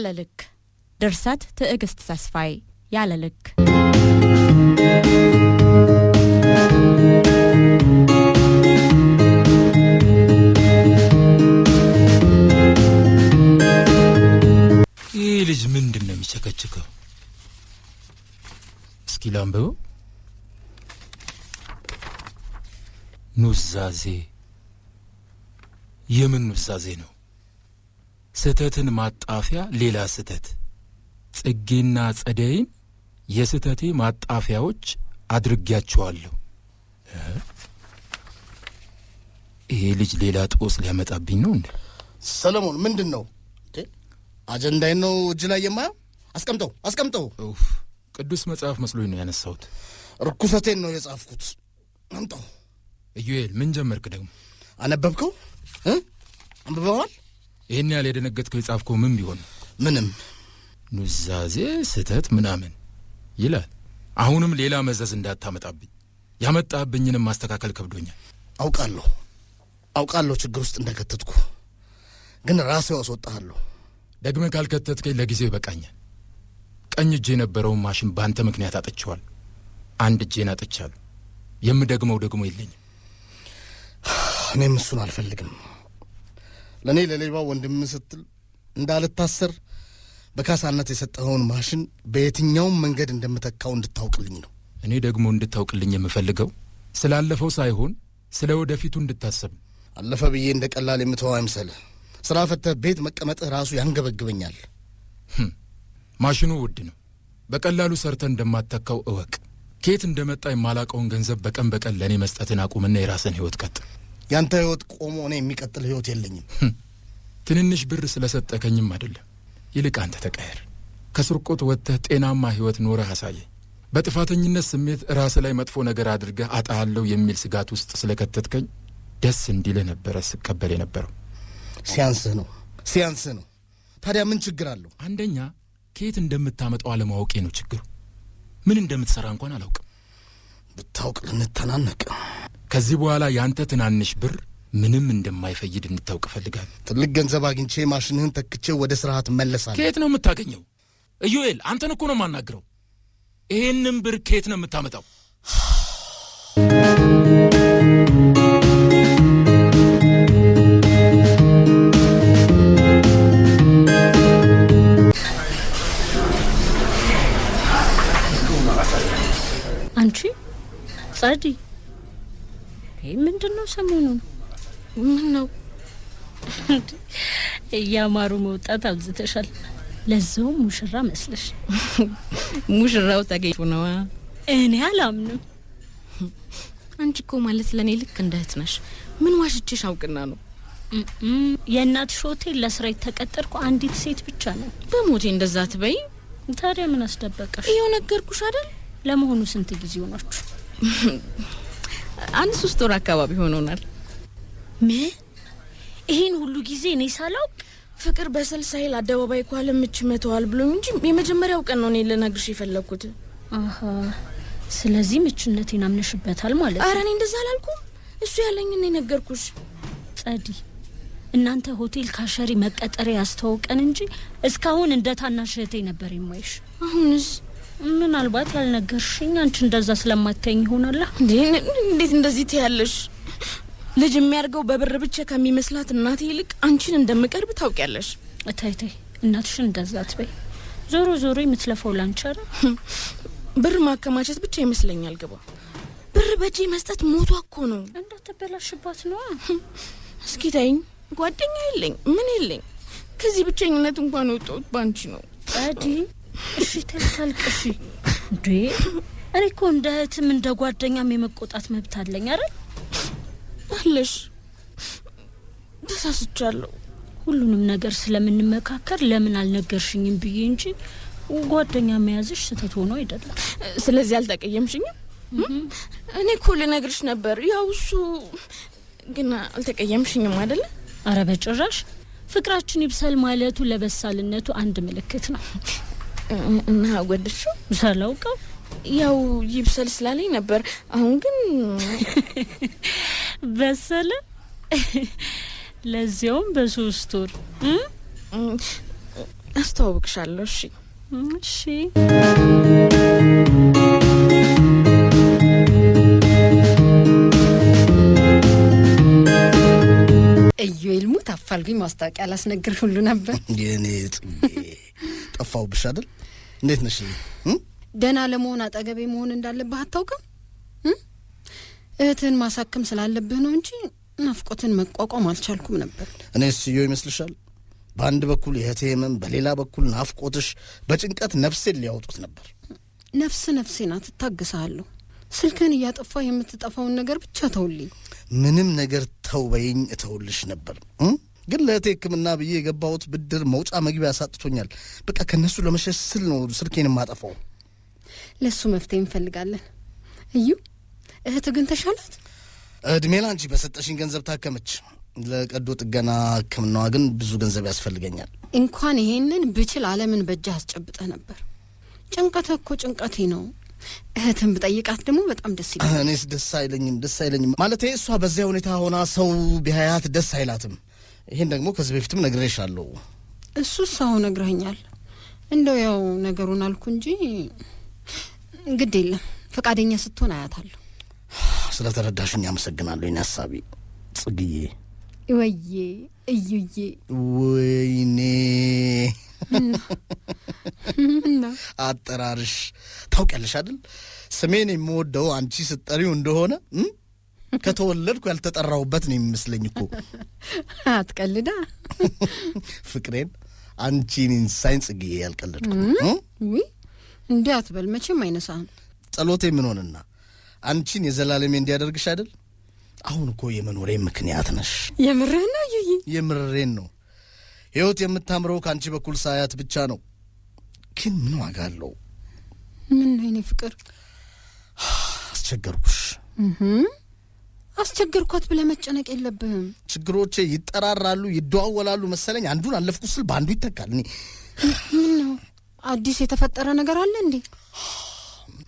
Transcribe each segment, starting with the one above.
ያለ ልክ ድርሰት ትዕግስት ተስፋዬ። ያለ ልክ ይህ ልጅ ምንድን ነው የሚቸከችከው? እስኪ ላንብበው። ኑዛዜ የምን ኑዛዜ ነው? ስህተትን ማጣፊያ ሌላ ስህተት ጽጌና ጸደይን የስህተቴ ማጣፊያዎች አድርጊያቸዋለሁ። ይሄ ልጅ ሌላ ጦስ ሊያመጣብኝ ነው እንዴ? ሰለሞን ምንድን ነው አጀንዳይ ነው እጅ ላይ የማየው? አስቀምጠው አስቀምጠው። ቅዱስ መጽሐፍ መስሎኝ ነው ያነሳሁት። ርኩሰቴን ነው የጻፍኩት። አምጠው። እዩኤል ምን ጀመርክ ደግሞ? አነበብከው? አንብበዋል ይህን ያህል የደነገጥከው የጻፍከው ምን ቢሆን? ምንም ኑዛዜ፣ ስህተት ምናምን ይላል። አሁንም ሌላ መዘዝ እንዳታመጣብኝ። ያመጣህብኝንም ማስተካከል ከብዶኛል። አውቃለሁ አውቃለሁ ችግር ውስጥ እንደከተትኩ፣ ግን ራሴው አስወጣሃለሁ። ደግመ ካልከተትከኝ ለጊዜው ይበቃኛል። ቀኝ እጄ የነበረውን ማሽን በአንተ ምክንያት አጥቼዋል። አንድ እጄን አጥቻለሁ። የምደግመው ደግሞ የለኝም። እኔም እሱን አልፈልግም። ለእኔ ለሌባ ወንድም ስትል እንዳልታሰር በካሳነት የሰጠኸውን ማሽን በየትኛውም መንገድ እንደምተካው እንድታውቅልኝ ነው። እኔ ደግሞ እንድታውቅልኝ የምፈልገው ስላለፈው ሳይሆን ስለ ወደፊቱ እንድታሰብ። አለፈ ብዬ እንደ ቀላል የምትሆን አይምሰልህ። ስራ ፈተህ ቤት መቀመጥህ ራሱ ያንገበግበኛል። hm፣ ማሽኑ ውድ ነው። በቀላሉ ሰርተ እንደማተካው እወቅ። ከየት እንደመጣ የማላቀውን ገንዘብ በቀን በቀን ለእኔ መስጠትን አቁምና የራስን ህይወት ቀጥ ያንተ ህይወት ቆሞ እኔ የሚቀጥል ህይወት የለኝም። ትንንሽ ብር ስለሰጠከኝም አይደለም። ይልቅ አንተ ተቀየር። ከስርቆት ወጥተህ ጤናማ ህይወት ኖረህ አሳየ። በጥፋተኝነት ስሜት ራስ ላይ መጥፎ ነገር አድርገህ አጣሃለሁ የሚል ስጋት ውስጥ ስለከተትከኝ ደስ እንዲልህ ነበረ ስቀበል የነበረው። ሲያንስህ ነው ሲያንስህ ነው። ታዲያ ምን ችግር አለው? አንደኛ ከየት እንደምታመጣው አለማወቄ ነው ችግሩ። ምን እንደምትሰራ እንኳን አላውቅም። ብታውቅ ልንተናነቅ ከዚህ በኋላ ያንተ ትናንሽ ብር ምንም እንደማይፈይድ እንድታውቅ እፈልጋለሁ። ትልቅ ገንዘብ አግኝቼ ማሽንህን ተክቼ ወደ ስርዓት መለሳል። ከየት ነው የምታገኘው? እዩኤል አንተን እኮ ነው የማናግረው። ይህንም ብር ከየት ነው የምታመጣው? አንቺ ጸዲ ምንድን ነው ሰሞኑን? ምን ነው እያማሩ መውጣት አብዝተሻል። ለዛውም ሙሽራ መስለሽ። ሙሽራው ተገኝቶ ነዋ። እኔ አላምንም። አንቺ እኮ ማለት ለእኔ ልክ እንደ እህት ነሽ። ምን ዋሽቼሽ አውቅና ነው? የእናትሽ ሆቴል ለስራ የተቀጠርኩ አንዲት ሴት ብቻ ነው። በሞቴ እንደዛ ትበይ። ታዲያ ምን አስደበቀሽ? ይኸው ነገርኩሽ አይደል። ለመሆኑ ስንት ጊዜ ሆናችሁ? አንድ ሶስት ወር አካባቢ ሆኖናል። ምን ይህን ሁሉ ጊዜ እኔ ሳላውቅ ፍቅር በሰል ይል አደባባይ እኮ አለምች መተዋል ብሎ እንጂ የመጀመሪያው ቀን ነው እኔ ልነግርሽ የፈለግኩት። ስለዚህ ምችነቴን አምነሽበታል ማለት አረ እኔ እንደዛ አላልኩም። እሱ ያለኝን የነገርኩሽ። ጸዲ፣ እናንተ ሆቴል ካሸሪ መቀጠሪያ ያስተዋውቀን እንጂ እስካሁን እንደ ታናሽ እህቴ ነበር የማይሽ። አሁንስ ምናልባት ያልነገርሽኝ አንቺ እንደዛ ስለማታኝ ይሆናላ። እንዴት እንደዚህ ትያለሽ? ልጅ የሚያድገው በብር ብቻ ከሚመስላት እናቴ ይልቅ አንቺን እንደምቀርብ ታውቂያለሽ። እታይ ታይ፣ እናትሽን እንደዛ አትበይ። ዞሮ ዞሮ የምትለፈው ላንቺ ብር ማከማቸት ብቻ ይመስለኛል። ግባ ብር በእጄ መስጠት ሞቷ እኮ ነው። እንዳትበላሽባት ነዋ። እስኪ ታይኝ፣ ጓደኛ የለኝ ምን የለኝ። ከዚህ ብቸኝነት እንኳን ወጣሁት ባንቺ ነው። እሺ ተልታልቅ እሺ። እንዴ እኔ እኮ እንደ እህትም እንደ ጓደኛም የመቆጣት መብት አለኝ አይደል? አለሽ። ተሳስቻለሁ። ሁሉንም ነገር ስለምንመካከር ለምን አልነገርሽኝም ብዬ እንጂ ጓደኛ መያዝሽ ስህተት ሆኖ አይደለም። ስለዚህ አልተቀየምሽኝም? እኔ እኮ ልነግርሽ ነበር። ያው እሱ ግን አልተቀየምሽኝም አይደለ? አረ በጭራሽ። ፍቅራችን ይብሰል ማለቱ ለበሳልነቱ አንድ ምልክት ነው። እና ጎደሽው ሳላውቀው ያው ይብሰል ስላለኝ ነበር። አሁን ግን በሰለ። ለዚያውም በሶስት ወር አስተዋውቅሻለሁ። እሺ እሺ። ኢዮኤል ሙት አፋልጉኝ ማስታወቂያ አላስነግር ሁሉ ነበር የኔ ጥፋው ብሻ አይደል እንዴት ነሽ? ደህና ለመሆን አጠገቤ መሆን እንዳለብህ አታውቅም? እህትህን ማሳከም ስላለብህ ነው እንጂ ናፍቆትን መቋቋም አልቻልኩም ነበር። እኔ ስዮ ይመስልሻል? በአንድ በኩል የእህቴ ህመም፣ በሌላ በኩል ናፍቆትሽ በጭንቀት ነፍሴን ሊያወጡት ነበር። ነፍስ ነፍሴ ናት፣ እታግስሃለሁ። ስልክህን እያጠፋ የምትጠፋውን ነገር ብቻ ተውልኝ። ምንም ነገር ተውበይኝ፣ እተውልሽ ነበር ግን ለእህቴ ሕክምና ብዬ የገባሁት ብድር መውጫ መግቢያ ያሳጥቶኛል። በቃ ከእነሱ ለመሸሽ ስል ነው ስልኬን የማጠፋው። ለእሱ መፍትሄ እንፈልጋለን። እዩ፣ እህት ግን ተሻላት። እድሜ ላንቺ። በሰጠሽኝ ገንዘብ ታከመች። ለቀዶ ጥገና ሕክምናዋ ግን ብዙ ገንዘብ ያስፈልገኛል። እንኳን ይሄንን ብችል ዓለምን በእጅህ አስጨብጠህ ነበር። ጭንቀት እኮ ጭንቀቴ ነው። እህትን ብጠይቃት ደግሞ በጣም ደስ ይለኛል። እኔስ ደስ አይለኝም፣ ደስ አይለኝም። ማለቴ እሷ በዚያ ሁኔታ ሆና ሰው ቢያያት ደስ አይላትም። ይህን ደግሞ ከዚህ በፊትም ነግሬሻለሁ። እሱ ሰው ነግረኛል። እንደው ያው ነገሩን አልኩ እንጂ ግድ የለም ፈቃደኛ ስትሆን አያታለሁ። ስለ ተረዳሽኝ አመሰግናለሁ። ይህን ሀሳቢ ጽግዬ ወዬ እዩዬ ወይኔ አጠራርሽ ታውቂያለሽ አይደል? ስሜን የምወደው አንቺ ስጠሪው እንደሆነ ከተወለድኩ ያልተጠራውበት ነው የሚመስለኝ እኮ። አትቀልዳ ፍቅሬን፣ አንቺን ኢንሳይን ጽግዬ ያልቀልድኩ እንዲህ አትበል። መቼም አይነሳም። ጸሎቴ ምን ሆንና አንቺን የዘላለሜ እንዲያደርግሽ አይደል? አሁን እኮ የመኖሬ ምክንያት ነሽ። የምርህን ነው ዩይ? የምርሬን ነው። ህይወት የምታምረው ከአንቺ በኩል ሳያት ብቻ ነው። ግን ምን ዋጋ አለው? ምን ነው የኔ ፍቅር፣ አስቸገርኩሽ። አስቸገርኳት ብለህ መጨነቅ የለብህም። ችግሮቼ ይጠራራሉ፣ ይደዋወላሉ መሰለኝ። አንዱን አለፍኩ ስል በአንዱ ይተካል። እኔ ምን ነው አዲስ የተፈጠረ ነገር አለ እንዴ?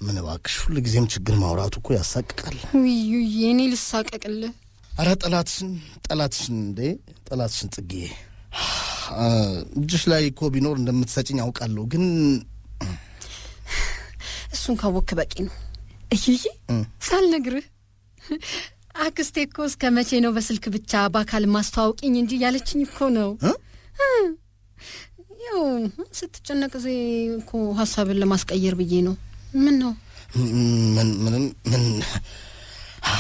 ምን እባክሽ፣ ጊዜም ችግር ማውራቱ እኮ ያሳቅቃል። ውዩ የኔ ልሳቀቅልህ። አረ ጠላትሽን ጠላትሽን እንዴ ጠላትሽን ጽጌ፣ እጅሽ ላይ እኮ ቢኖር እንደምትሰጭኝ አውቃለሁ፣ ግን እሱን ካወክ በቂ ነው። እይይ ሳልነግርህ አክስቴ እኮ እስከ መቼ ነው በስልክ ብቻ በአካል ማስተዋወቅኝ እንጂ ያለችኝ እኮ ነው። ያው ስትጨነቅ ዜ እኮ ሀሳብን ለማስቀየር ብዬ ነው። ምን ነው ምንም ምን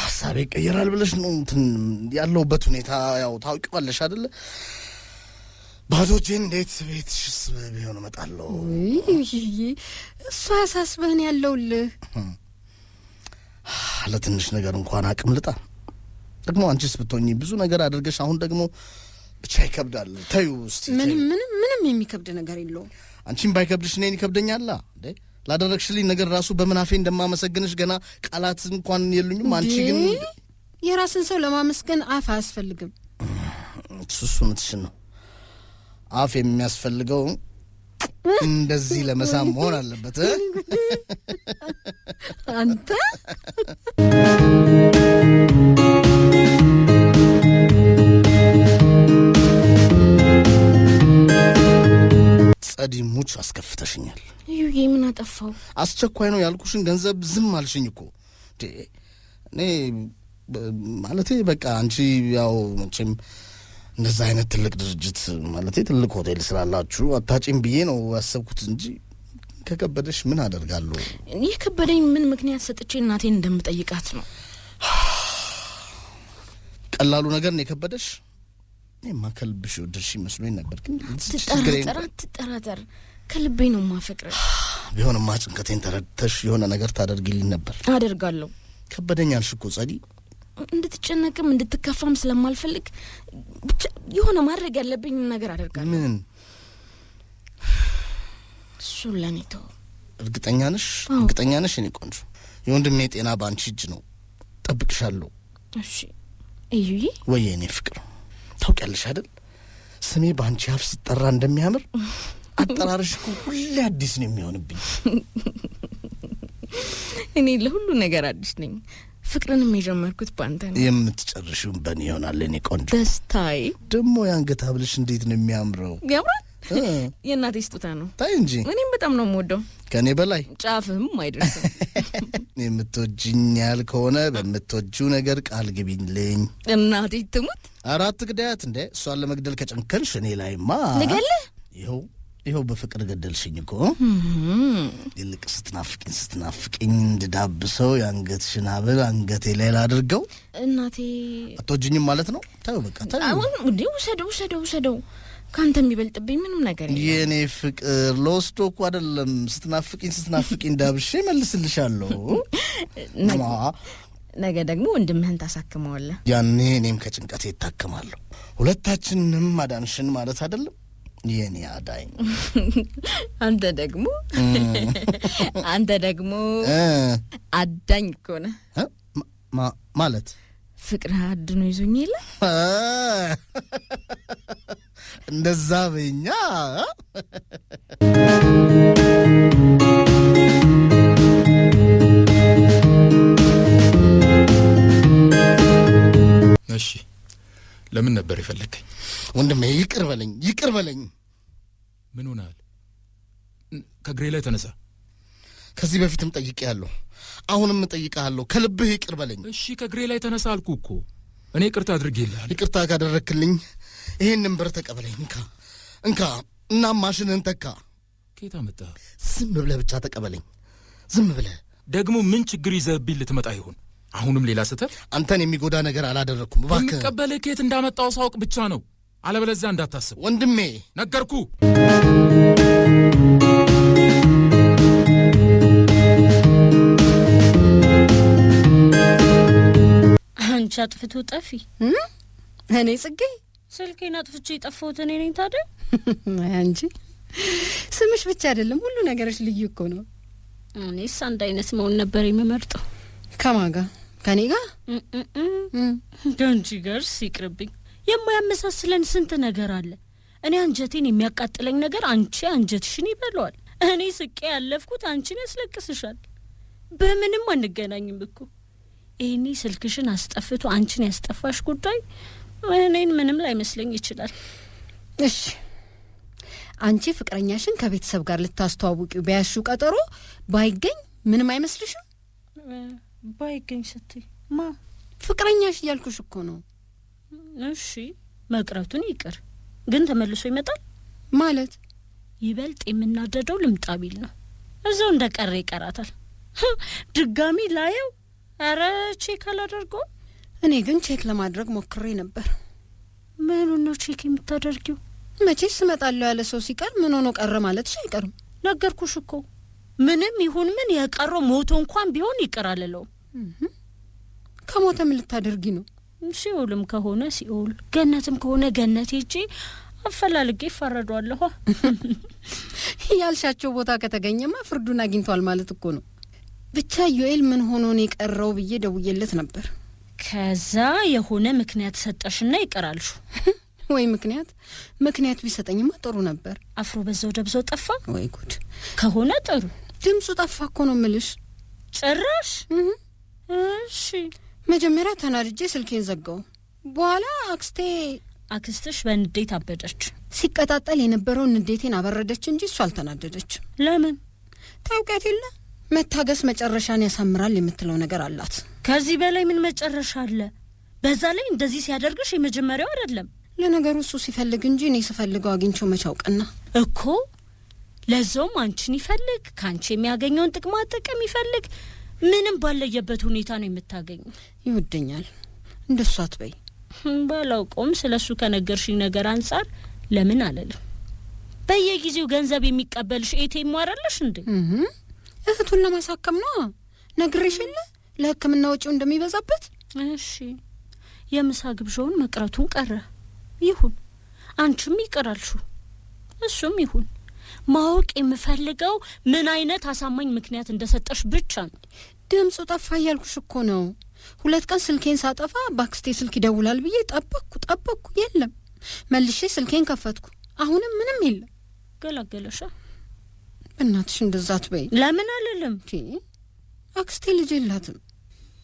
ሀሳቤ ይቀየራል ብለሽ ነው? እንትን ያለሁበት ሁኔታ ያው ታውቂዋለሽ አይደለ? ባዶ እጄን እንዴት ቤትሽስ ቢሆን እመጣለሁ። እሱ አያሳስበህን ያለውልህ ለትንሽ ነገር እንኳን አቅም ልጣ። ደግሞ አንቺስ ብትሆኚ ብዙ ነገር አድርገሽ አሁን ደግሞ ብቻ ይከብዳል። ተዩ ምንም ምንም ምንም የሚከብድ ነገር የለውም። አንቺም ባይከብድሽ እኔን ይከብደኛላ እንዴ ላደረግሽልኝ ነገር ራሱ በምናፌ እንደማመሰግንሽ ገና ቃላት እንኳን የሉኝም። አንቺ ግን የራስን ሰው ለማመስገን አፍ አያስፈልግም። እሱሱ ምትሽን ነው አፍ የሚያስፈልገው እንደዚህ ለመሳም መሆን አለበት። አንተ ጸዲሙች አስከፍተሽኛል። እዩዬ ምን አጠፋው? አስቸኳይ ነው ያልኩሽን ገንዘብ ዝም አልሽኝ እኮ እኔ ማለቴ በቃ አንቺ ያው መቼም እንደዛ አይነት ትልቅ ድርጅት ማለት ትልቅ ሆቴል ስላላችሁ አታጪም ብዬ ነው ያሰብኩት እንጂ ከከበደሽ ምን አደርጋለሁ። ከበደኝ ምን ምክንያት ሰጥቼ እናቴን እንደምጠይቃት ነው። ቀላሉ ነገር ነው የከበደሽ። እኔማ ከልብሽ ወደድሽ ይመስሎኝ ነበር፣ ግን ትጠራጠር አትጠራጠር፣ ከልቤ ነው የማፈቅረው። ቢሆንማ ጭንቀቴን ተረድተሽ የሆነ ነገር ታደርግልኝ ነበር። አደርጋለሁ። ከበደኝ አልሽ እኮ ጸዲ እንድትጨነቅም እንድትከፋም ስለማልፈልግ ብቻ የሆነ ማድረግ ያለብኝ ነገር አደርጋለሁ። ምን? እሱን ለእኔ ተው። እርግጠኛ ነሽ? እርግጠኛ ነሽ? እኔ ቆንጆ የወንድሜ ጤና በአንቺ እጅ ነው። ጠብቅሻለሁ። እሺ እዩዬ። ወይ እኔ ፍቅር፣ ታውቂያለሽ አይደል ስሜ በአንቺ አፍ ስጠራ እንደሚያምር አጠራርሽ እኮ ሁሌ አዲስ ነው የሚሆንብኝ። እኔ ለሁሉ ነገር አዲስ ነኝ። ፍቅርንም የጀመርኩት ባንተ ነው። የምትጨርሹም በእኔ ይሆናል የእኔ ቆንጆ ደስታይ ደግሞ የአንገት ሐብልሽ እንዴት ነው የሚያምረው! ያምራል። የእናቴ ስጦታ ነው። ታይ እንጂ እኔም በጣም ነው የምወደው፣ ከእኔ በላይ ጫፍም አይደርስም። የምትወጂኛል ከሆነ በምትወጁ ነገር ቃል ግቢልኝ። እናቴ ትሙት አራት ግዳያት እንደ እሷን ለመግደል ከጨንከንሽ እኔ ላይማ ልገልህ ይኸው ይኸው በፍቅር ገደልሽኝ እኮ ይልቅ ስትናፍቅኝ ስትናፍቅኝ እንድዳብሰው የአንገትሽን ሽናብል አንገቴ ላይ ላድርገው። እናቴ አትወጂኝም ማለት ነው? ተይው በቃ ተይው። ውሰደው ውሰደው ውሰደው። ከአንተ የሚበልጥብኝ ምንም ነገር የለም። የእኔ ፍቅር ለወስዶ እኮ አይደለም። ስትናፍቅኝ ስትናፍቅኝ ዳብሼ መልስልሻለሁ። ነገ ደግሞ ወንድምህን ታሳክመዋለህ። ያኔ እኔም ከጭንቀቴ ይታከማለሁ። ሁለታችንንም አዳንሽን ማለት አይደለም የኔ አዳኝ አንተ ደግሞ አንተ ደግሞ አዳኝ እኮ ነህ ማለት ፍቅር አድኖ ይዞኝ የለ እንደዛ በኛ እሺ ለምን ነበር የፈለግከኝ? ወንድሜ ይቅር በለኝ፣ ይቅር በለኝ። ምን ሆናል? ከግሬ ላይ ተነሳ። ከዚህ በፊትም ጠይቄ ያለው አሁንም እጠይቅሃለሁ፣ ከልብህ ይቅር በለኝ። እሺ ከግሬ ላይ ተነሳ አልኩ እኮ እኔ ይቅርታ አድርጌልሃል። ይቅርታ ካደረክልኝ ይህንን ብር ተቀበለኝ። እንካ እንካ፣ እናም ማሽንን ተካ። ከየት አመጣህ? ዝም ብለህ ብቻ ተቀበለኝ። ዝም ብለህ ደግሞ ምን ችግር ይዘህብኝ ልትመጣ ይሆን? አሁንም ሌላ ስህተት። አንተን የሚጎዳ ነገር አላደረግኩም። እባክህ የምቀበልህ ከየት እንዳመጣው ሳውቅ ብቻ ነው። አለበለዚያ እንዳታስብ ወንድሜ። ነገርኩ። አንቺ አጥፍቶ ጠፊ፣ እኔ ጽጌ። ስልኬን አጥፍቼ የጠፋሁት እኔ ነኝ። ታዲያ አንቺ ስምሽ ብቻ አይደለም፣ ሁሉ ነገሮች ልዩ እኮ ነው። እኔስ አንድ አይነት መሆን ነበር የምመርጠው ከማን ጋር ከኔ ጋር ከአንቺ ጋር ሲቅርብኝ የማያመሳስለን ስንት ነገር አለ። እኔ አንጀቴን የሚያቃጥለኝ ነገር አንቺ አንጀትሽን ይበለዋል። እኔ ስቄ ያለፍኩት አንቺን ያስለቅስሻል። በምንም አንገናኝም እኮ ይህኔ ስልክሽን አስጠፍቶ አንቺን ያስጠፋሽ ጉዳይ እኔን ምንም ላይመስለኝ ይችላል። እሺ አንቺ ፍቅረኛሽን ከቤተሰብ ጋር ልታስተዋውቂው በያሹ ቀጠሮ ባይገኝ ምንም አይመስልሽም? ባይገኝ ስትይ ማ ፍቅረኛሽ እያልኩሽ እኮ ነው። እሺ መቅረቱን ይቅር፣ ግን ተመልሶ ይመጣል ማለት ይበልጥ የምናደደው ልምጣ ቢል ነው። እዛው እንደ ቀረ ይቀራታል። ድጋሚ ላየው። አረ ቼክ አላደርገውም። እኔ ግን ቼክ ለማድረግ ሞክሬ ነበር። ምኑን ነው ቼክ የምታደርጊው? መቼ ስመጣለሁ ያለ ሰው ሲቀር ምን ሆኖ ቀረ ማለትሽ አይቀርም። ነገርኩሽ እኮ ምንም ይሁን ምን የቀረው ሞቶ እንኳን ቢሆን ይቀር አልለውም። ከሞተ ምን ልታደርጊ ነው? ሲኦልም ከሆነ ሲኦል፣ ገነትም ከሆነ ገነት ሄጄ አፈላልጌ ይፈረዷለሁ። ያልሻቸው ቦታ ከተገኘማ ፍርዱን አግኝቷል ማለት እኮ ነው። ብቻ ዮኤል ምን ሆኖ ነው የቀረው ብዬ ደውዬለት ነበር። ከዛ የሆነ ምክንያት ሰጠሽና ይቀራልሹ ወይ ምክንያት ምክንያት ቢሰጠኝማ ጥሩ ነበር። አፍሮ በዛው ደብዞ ጠፋ። ወይ ጉድ! ከሆነ ጥሩ ድምፁ ጠፋ እኮ ነው ምልሽ ጭራሽ እሺ መጀመሪያ ተናድጄ ስልኬን ዘጋው። በኋላ አክስቴ አክስትሽ በንዴት አበደች። ሲቀጣጠል የነበረውን ንዴቴን አበረደች እንጂ እሱ አልተናደደች። ለምን ታውቂያት የለ መታገስ መጨረሻን ያሳምራል የምትለው ነገር አላት። ከዚህ በላይ ምን መጨረሻ አለ? በዛ ላይ እንደዚህ ሲያደርግሽ የመጀመሪያው አይደለም። ለነገሩ እሱ ሲፈልግ እንጂ እኔ ስፈልገው አግኝቼው መች አውቅና እኮ ለዛውም አንቺን ይፈልግ፣ ከአንቺ የሚያገኘውን ጥቅማ ጥቅም ይፈልግ ምንም ባለየበት ሁኔታ ነው የምታገኘው። ይወደኛል እንደሷት አትበይ። ባላውቀውም ስለ እሱ ከነገርሽኝ ነገር አንጻር ለምን አለልም። በየጊዜው ገንዘብ የሚቀበልሽ ኤቴ ይሟረለሽ እንዴ? እህቱን ለማሳከም ነው ነግሬሽ ለህክምና ወጪው እንደሚበዛበት። እሺ የምሳ ግብዣውን መቅረቱን ቀረ ይሁን፣ አንቺም ይቀራልሹ፣ እሱም ይሁን ማወቅ የምፈልገው ምን አይነት አሳማኝ ምክንያት እንደሰጠሽ ብቻ ነው። ድምፁ ጠፋ እያልኩሽ እኮ ነው። ሁለት ቀን ስልኬን ሳጠፋ ባክስቴ ስልክ ይደውላል ብዬ ጠበቅኩ ጠበቅኩ፣ የለም። መልሼ ስልኬን ከፈትኩ፣ አሁንም ምንም የለም። ገላገለሻ። በእናትሽ እንደዛ አትበይ። ለምን አልልም። አክስቴ ልጅ የላትም።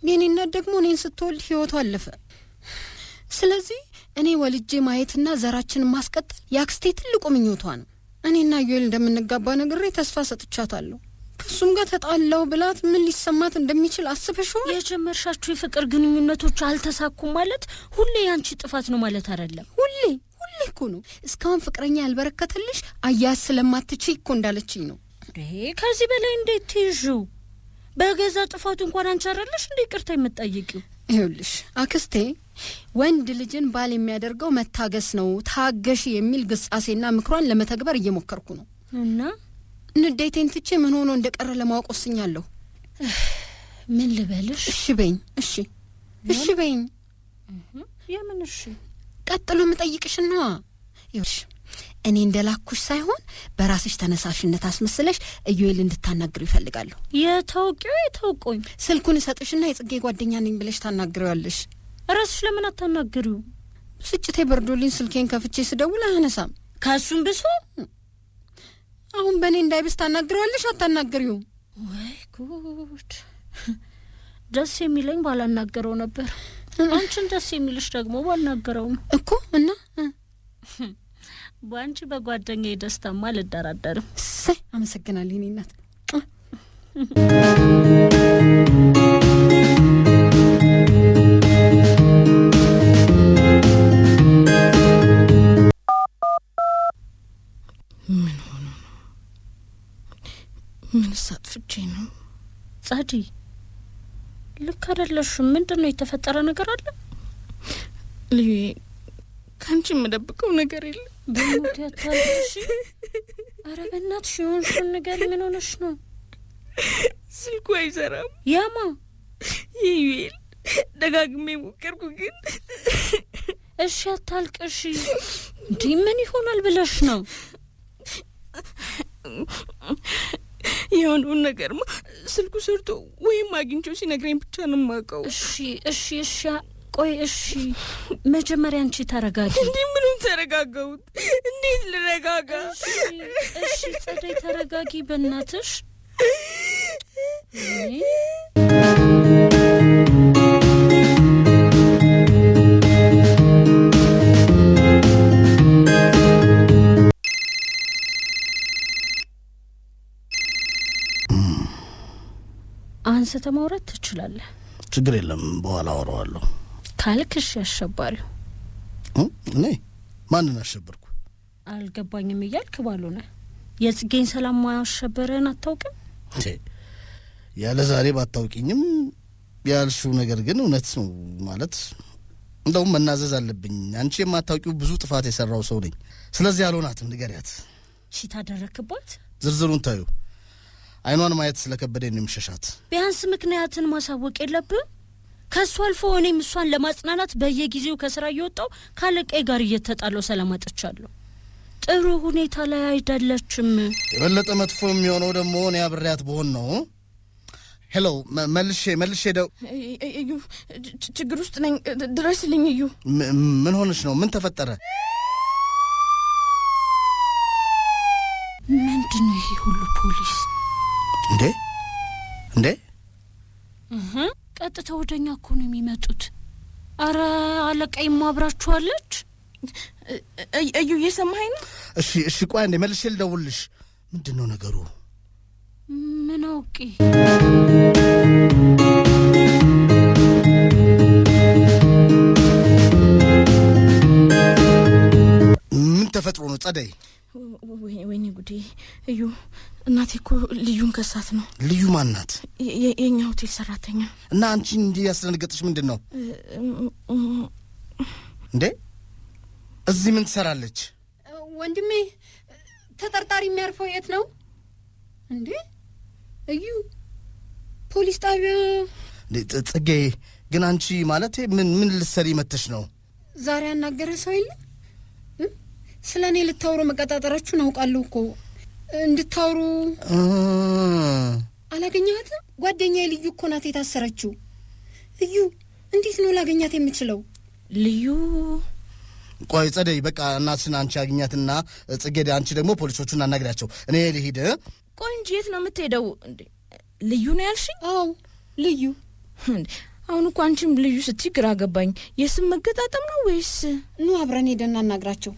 የኔ ደግሞ እኔን ስትወልድ ህይወቱ አለፈ። ስለዚህ እኔ ወልጄ ማየትና ዘራችንን ማስቀጠል የአክስቴ ትልቁ ምኞቷ ነው። እኔና ዩኤል እንደምንጋባ ነግሬ ተስፋ ሰጥቻታለሁ። ከእሱም ጋር ተጣላው ብላት ምን ሊሰማት እንደሚችል አስበሽዋል? የጀመርሻችሁ የፍቅር ግንኙነቶች አልተሳኩም ማለት ሁሌ ያንቺ ጥፋት ነው ማለት አይደለም። ሁሌ ሁሌ እኮ ነው። እስካሁን ፍቅረኛ ያልበረከተልሽ አያያዝ ስለማትችይ እኮ እንዳለችኝ ነው። ከዚህ በላይ እንዴት ትይዥው? በገዛ ጥፋቱ እንኳን አንቻረለሽ እንዴ ይቅርታ የምትጠይቂው ይኸውልሽ አክስቴ ወንድ ልጅን ባል የሚያደርገው መታገስ ነው። ታገሽ የሚል ግጻሴና ምክሯን ለመተግበር እየሞከርኩ ነው እና ንዴቴን ትቼ ምን ሆኖ እንደቀረ ለማወቅ ወስኛለሁ። ምን ልበልሽ? እሺ በይኝ። እሺ እሺ በይኝ። የምን እሺ? ቀጥሎ የምጠይቅሽ ነዋ። ይኸውልሽ እኔ እንደላኩሽ ሳይሆን በራስሽ ተነሳሽነት አስመስለሽ ኢዩኤል እንድታናግሩ ይፈልጋሉ። የታወቂው የታወቆኝ ስልኩን እሰጥሽና የጽጌ ጓደኛ ነኝ ብለሽ ታናግሪዋለሽ። ራስሽ ለምን አታናግሪው? ስጭቴ በርዶልኝ ስልኬን ከፍቼ ስደውል አያነሳም። ከሱም ብሶ አሁን በእኔ እንዳይብስ ታናግሪዋለሽ? አታናግሪውም ወይ ጉድ! ደስ የሚለኝ ባላናገረው ነበር። አንቺን ደስ የሚልሽ ደግሞ ባልናገረውም እኮ እና በአንቺ በጓደኛ የደስታማ አልደራደርም። እሰይ አመሰግናለሁ የኔ እናት። ምን ሆኖ ነው? ምን ሳጥፍቼ ነው? ጸዲ ልክ አይደለሽም። ምንድን ነው የተፈጠረ ነገር አለ? ልዩ ከአንቺ የምደብቀው ነገር የለም በሞት ያታለሽ። አረ በእናትሽ የሆንሽውን ነገር ምን ሆነሽ ነው? ስልኩ አይሰራም። ያማ ይዩል ደጋግሜ ሞከርኩ ግን እሺ አታልቅሽ። እንዲህ ምን ይሆናል ብለሽ ነው? የሆነውን ነገርማ ስልኩ ሰርቶ ወይም አግኝቼው ሲነግረኝ ብቻ ነው የማውቀው። እሺ እሺ እሺ ቆይ እሺ፣ መጀመሪያ አንቺ ተረጋጊ። እንዲ ምንም ተረጋጋሁት? እንዴት ልረጋጋ? እሺ ጸደይ ተረጋጊ በእናትሽ። አንስተ ማውራት ትችላለህ፣ ችግር የለም። በኋላ አወራዋለሁ። ካልክ እሺ፣ አሸባሪው እኔ ማንን አሸበርኩ? አልገባኝም እያልክ ባልሆነ የጽጌኝ ሰላም ማያሸበረን አታውቅም? ያለ ዛሬ ባታውቂኝም ያልሽው ነገር ግን እውነት ነው ማለት እንደውም መናዘዝ አለብኝ። አንቺ የማታውቂው ብዙ ጥፋት የሰራው ሰው ነኝ። ስለዚህ ያልሆናትም ንገሪያት። እሺ ታደረክባት? ዝርዝሩን ታዩ አይኗን ማየት ስለከበደ ነው የምሸሻት። ቢያንስ ምክንያትን ማሳወቅ የለብም ከእሱ አልፎ እኔም እሷን ለማጽናናት በየጊዜው ከስራ እየወጣው ካለቃዬ ጋር እየተጣለው ሰላም አጥቻለሁ። ጥሩ ሁኔታ ላይ አይደለችም። የበለጠ መጥፎ የሚሆነው ደግሞ እኔ አብሬያት በሆን ነው። ሄሎ፣ መልሼ መልሼ ደው እዩ፣ ችግር ውስጥ ነኝ፣ ድረስልኝ። እዩ፣ ምን ሆነች ነው? ምን ተፈጠረ? ምንድን ነው ይሄ ሁሉ ፖሊስ? እንዴ እንዴ ቀጥታ ወደኛ እኮ ነው የሚመጡት። አረ አለቃዬ ማብራችኋለች። እዩ እየሰማኸኝ ነው? እሺ እሺ፣ ቆይ አንዴ መልሼ ልደውልልሽ። ምንድን ነው ነገሩ? ምን አውቄ ምን ተፈጥሮ ነው ጸደይ? ወይኔ ጉዴ እዩ እናቴ እኮ ልዩን ከሳት ነው። ልዩ ማን ናት? የእኛ ሆቴል ሰራተኛ። እና አንቺ እንዲህ ያስደነገጥሽ ምንድን ነው እንዴ? እዚህ ምን ትሰራለች? ወንድሜ ተጠርጣሪ የሚያርፈው የት ነው እንዴ? እዩ ፖሊስ ጣቢያ። ጽጌ ግን አንቺ ማለት ምን ምን ልትሰሪ መተሽ ነው? ዛሬ ያናገረ ሰው የለም። ስለ እኔ ልታወሩ መቀጣጠራችሁን አውቃለሁ እኮ እንድታወሩ አላገኘሃትም? ጓደኛ ልዩ እኮ ናት የታሰረችው። እዩ እንዴት ነው ላገኛት የምችለው? ልዩ ቆይ ጸደይ፣ በቃ እናትሽን አንቺ አግኛትና ጽጌዴ፣ አንቺ ደግሞ ፖሊሶቹን አናግሪያቸው። እኔ ልሂድ። ቆይ እንጂ የት ነው የምትሄደው? ልዩ ነው ያልሽኝ? አዎ ልዩ። አሁን እኮ አንቺም ልዩ ስትይ ግራ ገባኝ። የስም መገጣጠም ነው ወይስ? ኑ አብረን ሄደን እናናግራቸው።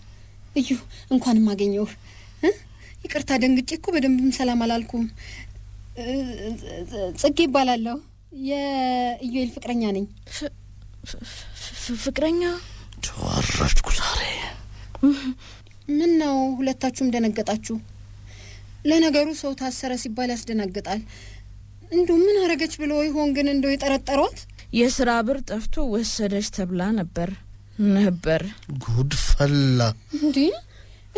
እዩ እንኳንም አገኘሁህ። ይቅርታ ደንግጬ እኮ በደንብም ሰላም አላልኩም። ጽጌ ይባላለሁ። የኢዩኤል ፍቅረኛ ነኝ። ፍቅረኛ ተዋረድኩ ዛሬ። ምን ነው ሁለታችሁም ደነገጣችሁ? ለነገሩ ሰው ታሰረ ሲባል ያስደናግጣል። እንዲሁ ምን አረገች ብሎ ይሆን ግን እንደው የጠረጠሯት? የስራ ብር ጠፍቶ ወሰደች ተብላ ነበር ነበር። ጉድ ፈላ እንዲህ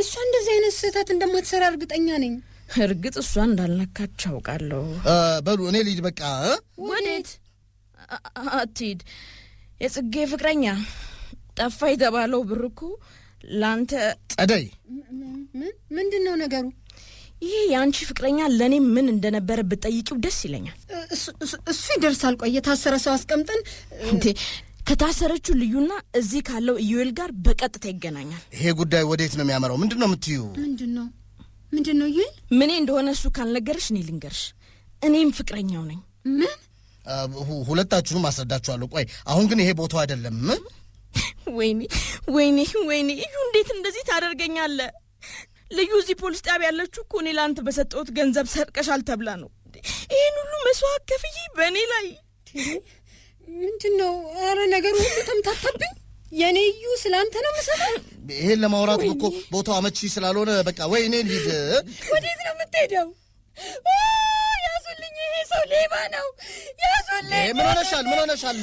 እሷ እንደዚህ አይነት ስህተት እንደማትሰራ እርግጠኛ ነኝ። እርግጥ እሷ እንዳልነካች አውቃለሁ። በሉ እኔ ልጅ በቃ ወዴት አትሂድ። የጽጌ ፍቅረኛ ጠፋ የተባለው ብር እኮ ለአንተ ጸደይ፣ ምንድን ነው ነገሩ? ይሄ የአንቺ ፍቅረኛ ለእኔ ምን እንደነበረ ብጠይቂው ደስ ይለኛል። እሱ ይደርሳል። ቆይ የታሰረ ሰው አስቀምጠን ከታሰረችው ልዩና እዚህ ካለው ኢዩኤል ጋር በቀጥታ ይገናኛል። ይሄ ጉዳይ ወዴት ነው የሚያመራው? ምንድን ነው የምትዩ? ምንድን ነው ምንድን ነው ኢዩኤል? ምኔ እንደሆነ እሱ ካልነገርሽ እኔ ልንገርሽ። እኔም ፍቅረኛው ነኝ። ምን? ሁለታችሁንም አስረዳችኋለሁ። ቆይ አሁን ግን ይሄ ቦታው አይደለም። ወይኔ ወይኔ ወይኔ! እዩ እንዴት እንደዚህ ታደርገኛለ? ልዩ እዚህ ፖሊስ ጣቢያ ያለችው እኮ እኔ ለአንተ በሰጠሁት ገንዘብ ሰርቀሻል ተብላ ነው። ይህን ሁሉ መስዋዕት ከፍዬ በእኔ ላይ ምንድን ነው? አረ ነገሩ ሁሉ ተምታታብኝ። የኔ እዩ ስለአንተ ነው የምሰማው። ይሄን ለማውራት እኮ ቦታው አመቺ ስላልሆነ በቃ ወይ እኔን ሂድ። ወዴት ነው የምትሄደው? ያዙልኝ! ይሄ ሰው ሌባ ነው! ያዙልኝ! ምን ሆነሻል? ምን ሆነሻል?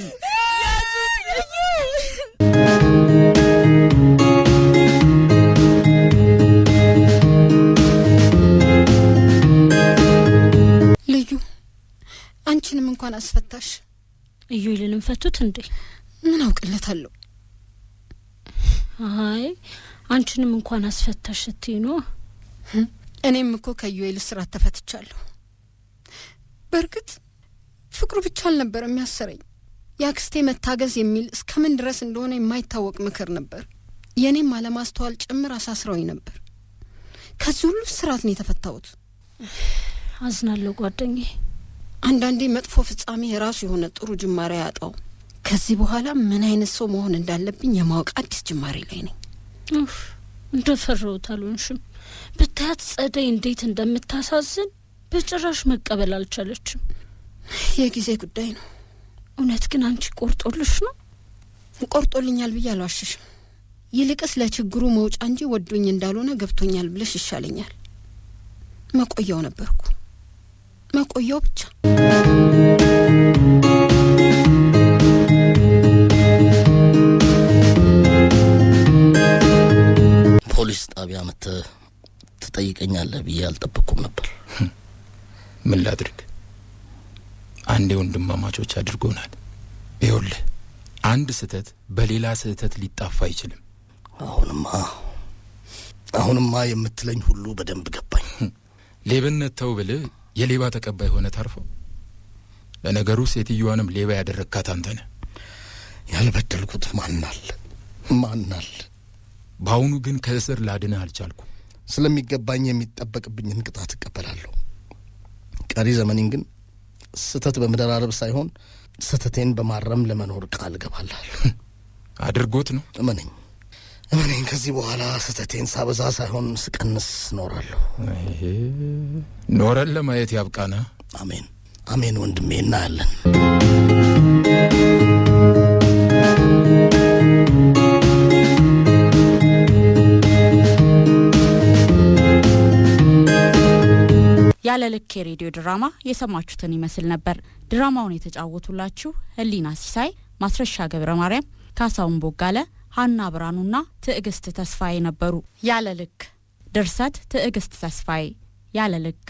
ልዩ አንቺንም እንኳን አስፈታሽ። እዩ ይልንም ፈቱት እንዴ? ምን አውቅለታለሁ? አይ አንቺንም እንኳን አስፈታሽ ስትይ ነው። እኔም እኮ ከዩኤል እስራት ተፈትቻለሁ። በእርግጥ ፍቅሩ ብቻ አልነበር የሚያሰረኝ የአክስቴ መታገዝ የሚል እስከምን ድረስ እንደሆነ የማይታወቅ ምክር ነበር። የእኔም አለማስተዋል ጭምር አሳስረውኝ ነበር። ከዚህ ሁሉ ስርዓት ነው የተፈታሁት። አዝናለሁ ጓደኛዬ። አንዳንዴ መጥፎ ፍጻሜ የራሱ የሆነ ጥሩ ጅማሬ ያጣው። ከዚህ በኋላ ምን አይነት ሰው መሆን እንዳለብኝ የማወቅ አዲስ ጅማሬ ላይ ነኝ። እንደፈረውት አልሆንሽም። ብታያት ጸደይ እንዴት እንደምታሳዝን በጭራሽ መቀበል አልቻለችም። የጊዜ ጉዳይ ነው። እውነት ግን አንቺ ቆርጦልሽ ነው? ቆርጦልኛል ብዬ አልዋሽሽም። ይልቅስ ለችግሩ መውጫ እንጂ ወዶኝ እንዳልሆነ ገብቶኛል ብለሽ ይሻለኛል። መቆያው ነበርኩ መቆየው ብቻ። ፖሊስ ጣቢያ መተህ ትጠይቀኛለህ ብዬ አልጠበቅኩም ነበር። ምን ላድርግ? አንዴ ወንድማማቾች አድርጎናል። ይኸውልህ አንድ ስህተት በሌላ ስህተት ሊጣፋ አይችልም። አሁንማ አሁንማ የምትለኝ ሁሉ በደንብ ገባኝ። ሌብነት ተው ብልህ የሌባ ተቀባይ ሆነ ታርፎ። ለነገሩ ሴትዮዋንም ሌባ ያደረግካት አንተ ነህ። ያልበደልኩት ማናል ማናል። በአሁኑ ግን ከእስር ላድንህ አልቻልኩ። ስለሚገባኝ የሚጠበቅብኝን ቅጣት እቀበላለሁ። ቀሪ ዘመኔን ግን ስህተት በመደራረብ ሳይሆን ስህተቴን በማረም ለመኖር ቃል እገባላለሁ። አድርጎት ነው እመነኝ። እኔን ከዚህ በኋላ ስህተቴን ሳበዛ ሳይሆን ስቀንስ ኖራለሁ። ኖረን ለማየት ያብቃና። አሜን አሜን። ወንድሜ እናያለን። ያለ ልክ የሬዲዮ ድራማ የሰማችሁትን ይመስል ነበር። ድራማውን የተጫወቱላችሁ ህሊና ሲሳይ፣ ማስረሻ ገብረ ማርያም፣ ካሳውን ቦጋለ ሀና ብርሃኑና ትዕግስት ተስፋዬ ነበሩ። ያለ ልክ ድርሰት ትዕግስት ተስፋዬ ያለ ልክ